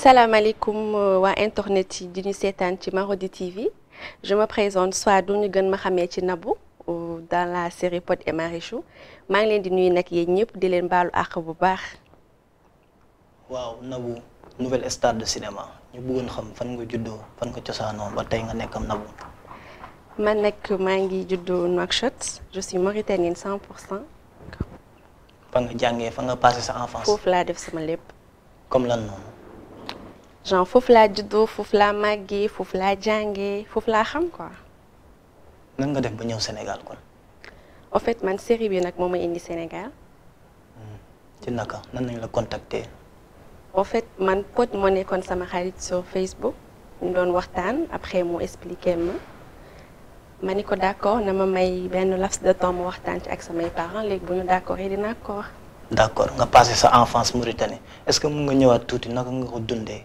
salaamaaleykum euh, waa internet yi di ñu ci Marodi TV je me présente soit du ñu gën ma xamee ci Nabou euh, dans la série Pot et Marichou maa ngi leen di nuyu nag yéen ñëpp di leen baalu àq bu baax. waaw Nabou nouvelle star de cinéma ñu bëggoon xam fan nga juddoo fan nga cosaanoo ba tey nga nekkam Nabu. man nag maa ngi juddoo Nouakchott je suis mauritanienne 100 pour cent. fan nga jàngee fan nga passé sa enfance. foofu laa def sama lépp. comme lan noonu genre foofu laa juddoo foofu laa màggee foofu laa xam quoi. nan nga def ba ñew Sénégal kon. en fait man série bi nak moma indi Sénégal. Hmm. ci naka nan nañ la contacter. en fait man Pod moné kon sama xarit sur Facebook ñu doon waxtaan après mo expliquer ma ma ni ko d'accord na ma may benn laps de temps mu waxtaan ci ak samay parents léegi bu ñu d'accord dinaa ko wax. d'accord nga passé sa enfance Mauritanie est-ce que mun nga ñëwaat tuuti naka nga ko dundee.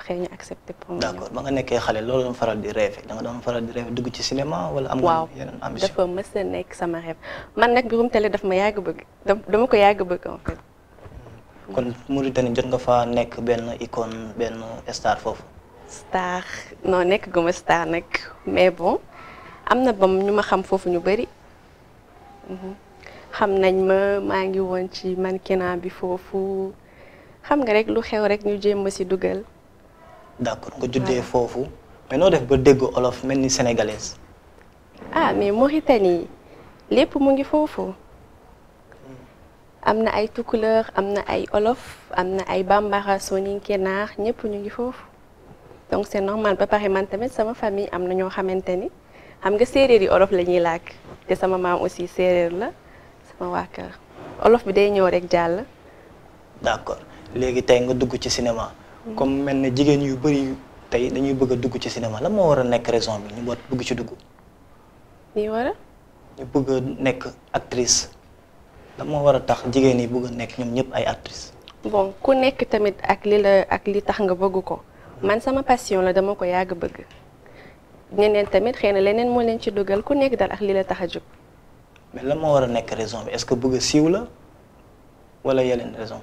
après ñu accepté pour moi. d' accord nekkee xale loolu doon faral di rêve da nga doon faral di rêve dugg ci cinéma wala. am nga yeneen ambition waaw dafa nekk sama rêve man nag biirum télé daf ma yàgg bëgg dama ko yàgg bëgg en fait. Hmm. kon jot nga fa nekk benn icône benn star foofu. star nekk guma star mais bon am na bam ñu ma xam foofu ñu bari mhm. xam nañ ma maa ngi woon ci mannequinat bi foofu xam nga rek lu xew rek ñu jéem ma si dugal. d'accord nga juddee foofu mais noo def ba dégg olof mel sénégalaise. ah mais Mauritanie lépp mu ngi foofu. am ay tout am amna ay olof amna ay bambara soni kenar ñepp ñu ngi fofu donc c'est normal ba pare man tamit sama famille amna ño ñoo xam nga séeréer yi olof lañuy ñuy té sama maam aussi séeréer la sama waa kër olof bi day ñëw rek jàll. d'accord légui tay nga dugg ci cinéma. comme mel na jigéen yu bëri tey dañuy bëgg dugg ci cinéma la moo war a nekk raison bi ñu war bëgg ci dugg. ñi war a. ñu bëgg a nekk actrice lan moo war a tax jigéen yi bëgg nekk ñoom ñëpp ay actrice bon ku nekk tamit ak li la ak li tax nga bëgg ko man sama passion la dama ko yàgg bëgg. neen tamit xëy na leneen moo leen ci dugal ku nekk dal ak li la tax a jóg. mais lan moo war a nekk raison bi est-ce que bëgg a siiw la wala yeneen raison.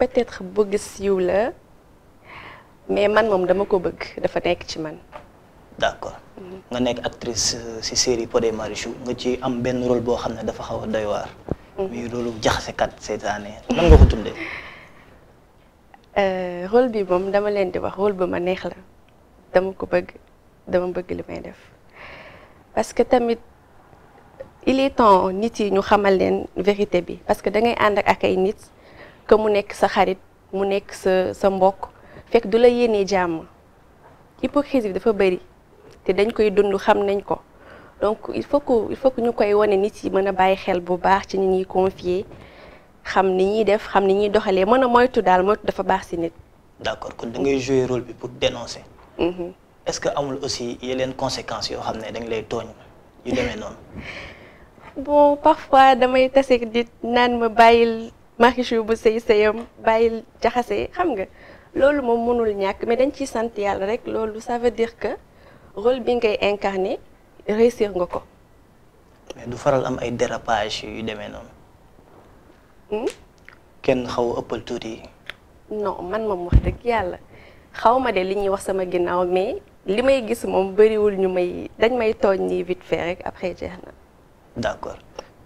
peut-être bëgg siiw la mais man moom dama ko bëgg dafa nekk ci man. d'accord nga nekk actrice euh, ci série pour et Marichou nga ci am benn rôle boo xam ne dafa xaw a doy waar. Mm. muy rôle jaxasekat seetaane nan nga ko tuddee. Euh, rôle bi moom dama leen di wax rôle ba ma neex la dama ko bëgg dama bëgg li may def parce que tamit il est temps nit yi ñu xamal leen vérité bi parce que da ngay ànd ak ay nit que mu nekk sa xarit mu nekk sa sa mbokk fekk du la yéenee jàmm hypocrisie dafa bëri te dañ koy dund xam nañ ko donc il faut que il faut que ñu koy wane nit yi mën a bàyyi xel bu baax ci ni ñuy confier xam ni ñuy def xam ni ñuy doxalee mën a moytu daal moytu dafa baax si nit. d'accord kon da ngay jouer rôle bi pour dénoncer. Mm-hmm. est-ce que amul aussi yeneen conséquences yoo xam ne dañ lay tooñ yu demee noonu. bon parfois damay tase nit naan ma bàyyil ما هيش يبو سي سيام بايل جاخسي خمغ لول موم مونول نياك مي دنجي سانت يال ريك لول سا في دير كو رول بي نغي انكارني ريسير نغوكو مي دو فرال ام اي ديراباج يو ديمي نون خاو اوبل توري نو مان موم واخ دك يالا خاوما دي لي ني واخ سما غيناو مي لي بري وول ماي دنج ماي توغ ني فيت فيك ابري جيهنا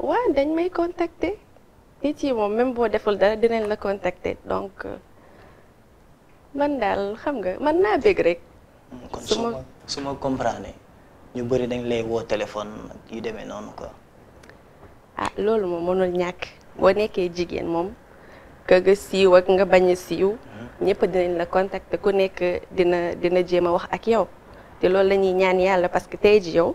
waaw dañ may contacter nit yi moom même boo deful dara dinañ la contacter donc euh, man daal xam nga man naa bëgg rek. Hmm, kon su ma su ma comprendre ñu bëri dañ lay woo téléphone yu demee noonu ko ah loolu moom mënul ñàkk boo nekkee jigéen moom ka nga siiw ak nga bañ siiw. Hmm. ñëpp dinañ la contacter ku nekk dina dina jéem a wax ak yow te loolu la ñuy ñaan yàlla parce que tey ji yow.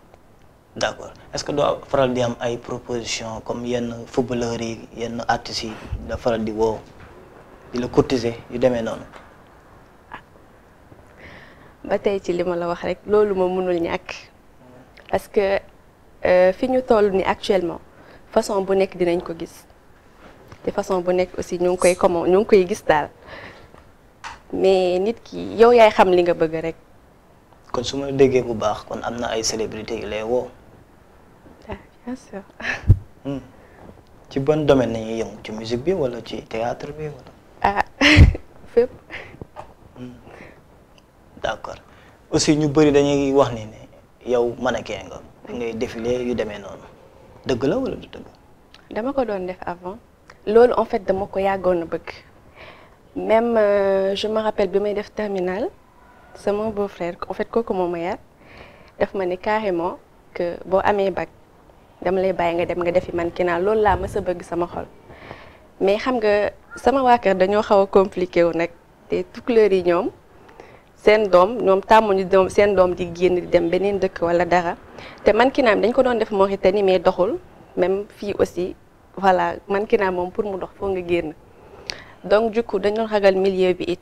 D'accord, est ce que tu as di proposition comme yenn footballeurs yi artistes yi da faral le non. ba parce que euh, fi ñu toll ni actuellement façon bu nek dinañ ko gis de façon bu aussi ñu koy comment ñu mais nit ki yow yaay xam li nga bëgg rek. kon célébrité bien sûr. Hmm. ci bon domaine la musique ou théâtre bien ah hmm. D'accord. aussi ni mannequin défilé yu avant C'est en fait dama ko même euh, je me rappelle quand j'ai def terminal beau-frère en fait kooku comme ma carrément que bon dama lay bàyyi nga dem nga defi man ki naa loolu laa mës a bëgg sama xol mais xam nga sama waa dañoo xaw a compliqué wu nag te tout tukkuleer yi ñoom seen doom ñoom tàmmuñu doom seen doom di génn di dem beneen dëkk wala dara te man kinaam dañ ko doon def Mauritanie mais doxul même fii aussi voilà man kinaam moom pour mu dox foo nga génn donc jukku dañ doon ragal milieu bi et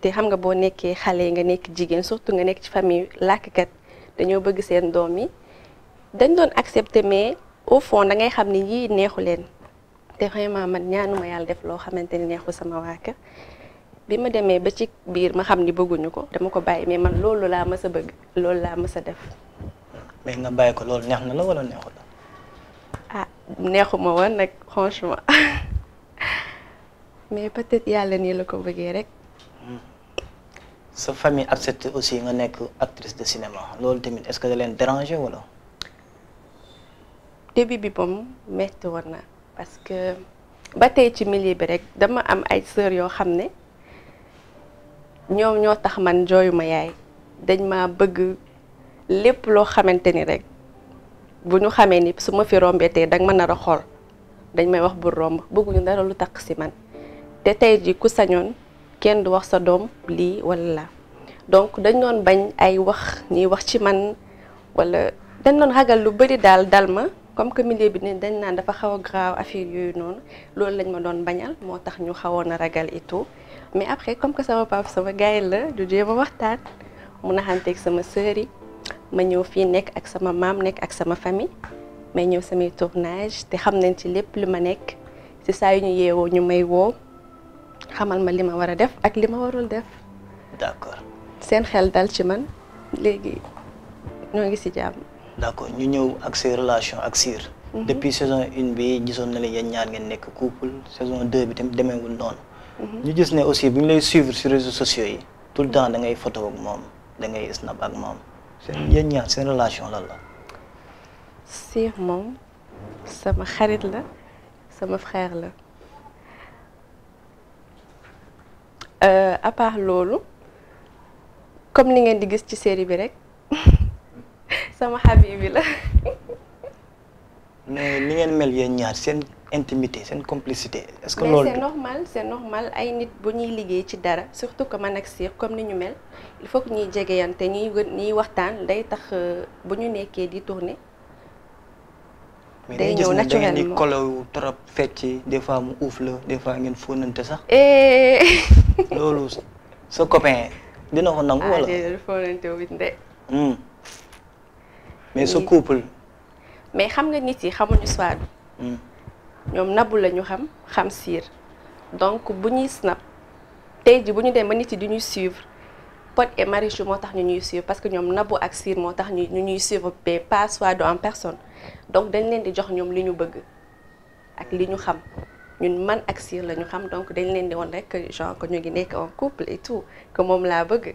te xam nga boo nekkee xale nga nekk jigéen surtout nga nekk ci famille làkkat dañoo bëgg seen doom yi dañ doon accepter mais au fond da ngay xam ni yii neexu leen te vraiment man ñaanuma yàlla def loo xamante ni neexu sama waa kër bi ma demee ba ci biir ma xam ni bëgguñu ko dama ko bàyyi mais man loolu laa mës a bëgg loolu laa mës a def. mais nga bàyyi ko loolu neex na la wala neexu la. ah neexuma woon nag franchement mais peut-être yàlla nii la ko bëggee rek. Hmm. sa famille accepté aussi nga nekk actrice de cinéma loolu tamit est-ce que da leen déranger wala. début bi moom metti woon na parce que ba tey ci millier bi rek dama am ay sœur yoo xam ne ñoom ñoo tax man jooyuma yaay dañ ma bëgg lépp loo xamante ni rek bu ñu xamee ni su ma fi rombetee danga mën nar a xool dañ may wax bu romb bëgguñu dara lu takk si man te tey ji ku sañoon kenn du wax sa doom lii wala la donc dañ doon bañ ay wax ñuy wax ci man walla dañ doon ragal lu bari daal dal ma comme que milieu bi ne dañ naan dafa xaw a grave affaire yooyu noonu loolu lañ ma doon bañal moo tax ñu xawoon a ragal et tout mais après comme que sama papa sama gars la du jéem a waxtaan mu naxanteeg sama sœur yi ma ñëw fii nekk ak sama maam nekk ak sama famille may ñëw samay tournage te xam nañ ci lépp li ma nekk ci saa yu ñu yeewoo ñu may woo xamal ma li ma war a def ak li ma warul def. d'accord seen xel dal ci man léegi ñoo ngi ci jàmm. D'accord. Nous avons accès à la relation avec Sir. Mhm. Depuis la saison 1, nous avons dit que nous sommes un couple. La saison 2, nous avons dit que nous sommes un avons aussi que nous suivre sur les réseaux sociaux. Tout le temps, nous avons des photos avec moi. Nous avons des snaps avec moi. C'est mm -hmm. une relation. Sir, moi, c'est ma chérie. C'est mon frère. Là. Euh, à part Lolo, comme vous avez dit que c'est une série, sama xabibi la. mais ni ngeen mel yéen ñaar seen intimité seen complicité. est que loolu c'est normal c'est normal ay nit bu ñuy liggéey ci dara surtout que man ak Sir comme ni ñu mel il faut ñuy ñuy jegeyante ñuy ñuy waxtaan day tax euh, bu ñu nekkee di tourner. day ñëw naturellement mais di kolow trop des fois mu uuf des fois ngeen fóonante sax. Eh. loolu sa copain dina ko nangu ah, wala. ah déedéet fóonante wu de. Hmm. mais ce couple. mais xam nga nit yi xamuñu soit bi. Hmm. Ñom nabu lañu xam xam sir. donc bu snap tay ji buñu dem ba nit yi du suivre Pod et Marichou moo tax ñu ñuy suivre parce que ñom nabu ak sir motax tax ñu ñuy suivre mais pas soit en personne donc dañ leen di jox ñom liñu bëgg ak liñu xam ñun man ak sir lañu xam donc dañ leen di won rek genre que ñu ngi nekk en couple et tout que moom laa bëgg.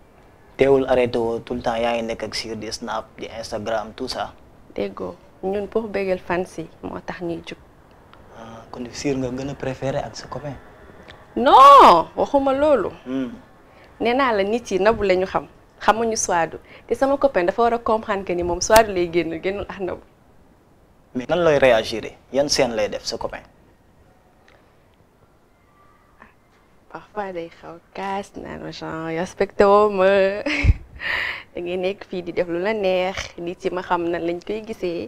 teewul arrêté woo tout le temps yaa ngi di snap di Instagram tout ça. déggoo ñun pour bégal fans yi moo tax ñuy jug. kon sur nga gën a préféré ak sa copain. non waxuma loolu. Mm. nee naa la nit yi nabu la ñu xam xamuñu Souadou te sama copain dafa war a comprendre que ni moom Souadou lay génn mais ah, nan réagir yan scène lay def sa copain. parfois day xew kaas naan ma genre respecté woo ma da nekk fii di def lu la neex nit yi ma xam na lañ koy gisee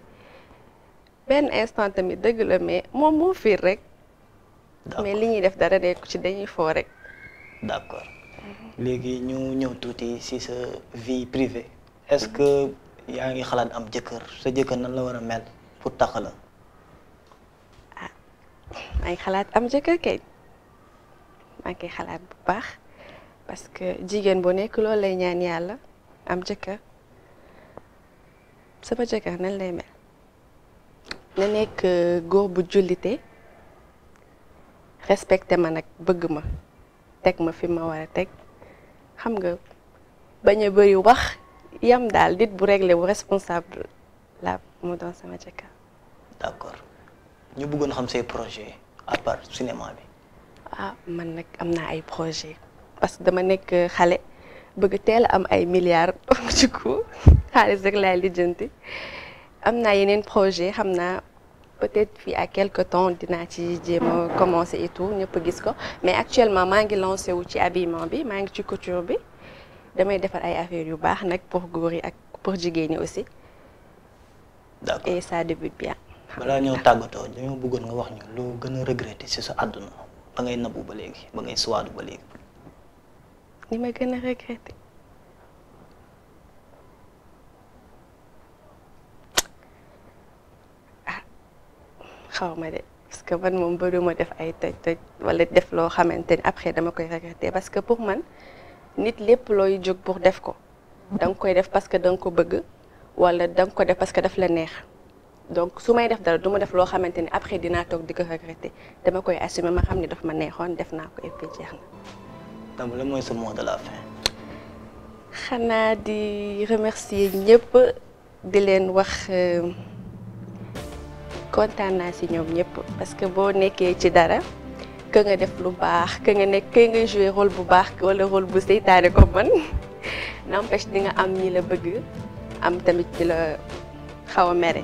benn instant tamit dëgg la moom moo fiir rek. mais li ñuy def dara nekku ci dañuy foo rek. d'accord mm-hmm. léegi ñu ñëw tuuti ci sa vie privée est-ce que mm-hmm. yaa ngi xalaat am jëkkër sa jëkkër nan la war a mel pour tax la. maa ah, ngi xalaat am jëkkër kay. maa ngi xalaat bu baax parce que jigéen bu nekk loolu lay ñaan yàlla am jëkkër sama jëkkër nan lay mel na nekk euh, góor bu jullite respecté ma nag bëgg ma teg ma fi ma war a teg xam nga bañ a bëri wax yam daal dit bu réglé bu responsable la mu doon sama jëkkër. d'accord ñu bëggoon xam say projet à part bi. ah man nag am ay projet parce que dama nek xalé bëgg teel am ay milliards du coup xaalis rek laay lijjanti am naa yeneen projet xamna peut-être fi à quelque temps dina ci jéem commencer et tout ñëpp gis ko mais actuellement ma ngi lancer wu ci habillement bi ma ngi ci couture bi damay defar ay affaire yu bax nak pour góor yi ak pour jigéen ni aussi. d'accord et ça débute bien. balaa ñeu tagoto dañoo bëggoon nga wax ñu lo gëna regretter ci sa aduna. ba na nabu ba léegi ba ngay suwaadu ba ma gën a regretter ah xaw ma de parce que ma def ay toj toj wala def loo xamante ni après dama koy man nit lépp looy jóg pour def ko da nga def pas que da nga ko bëgg wala da def pas que def la donc su may def dara duma def loo xamante ni après dinaa toog di ko regretter dama koy assumer ma xam ni daf ma neexoon def naa ko et puis jeex na. mooy sa mot de xanaa di remercier ñëpp di leen wax euh, kontaan naa ci ñoom ñëpp parce que boo nekkee ci dara. que nga def lu baax que nga nekk que nga joué rôle bu baax wala rôle bu seytaane ko man n'empêche di nga am ñi la bëgg am tamit ci la xaw a mere.